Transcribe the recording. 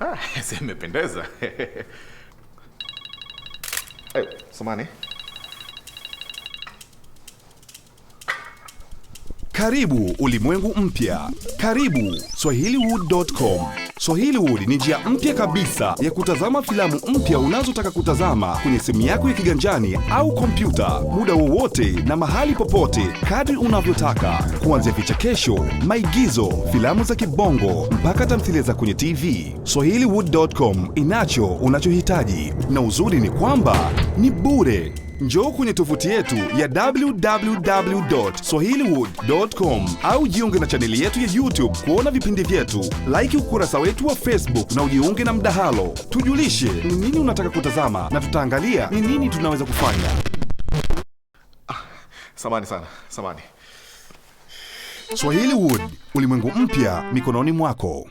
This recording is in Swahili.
Ah, imependeza. Hey, eh, samani Karibu ulimwengu mpya. Karibu swahiliwood.com. Swahiliwood ni njia mpya kabisa ya kutazama filamu mpya unazotaka kutazama kwenye simu yako ya kiganjani au kompyuta, muda wowote na mahali popote, kadri unavyotaka, kuanzia vichekesho, maigizo, filamu za kibongo mpaka tamthilia za kwenye TV. Swahiliwood.com inacho unachohitaji, na uzuri ni kwamba ni bure. Njoo kwenye tovuti yetu ya www.swahiliwood.com au jiunge na chaneli yetu ya YouTube kuona vipindi vyetu, like ukurasa wetu wa Facebook na ujiunge na mdahalo. Tujulishe ni nini unataka kutazama na tutaangalia ni nini tunaweza kufanya. Ah, samani sana, samani. Swahili Wood, ulimwengu mpya mikononi mwako.